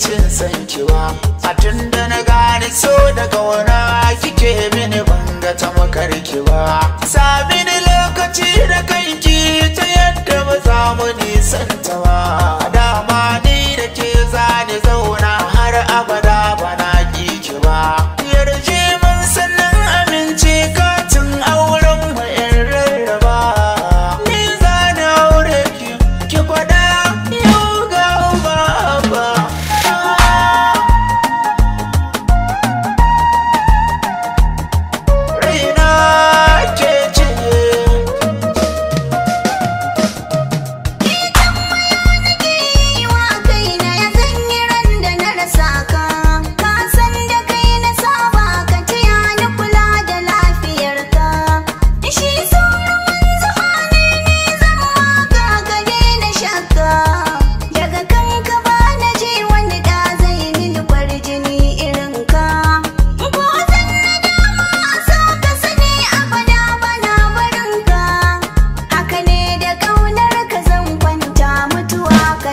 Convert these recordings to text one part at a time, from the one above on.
cin sanki a tun da na gane so daga kauna kike mini ban ga ta makarki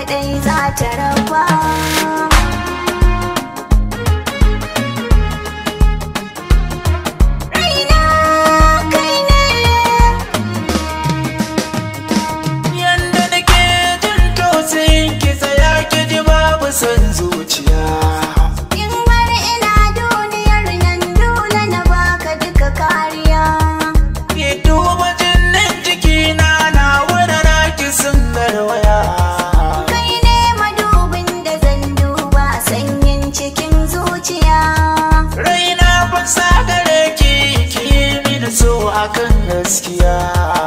kaɗai za ta raba gaskiya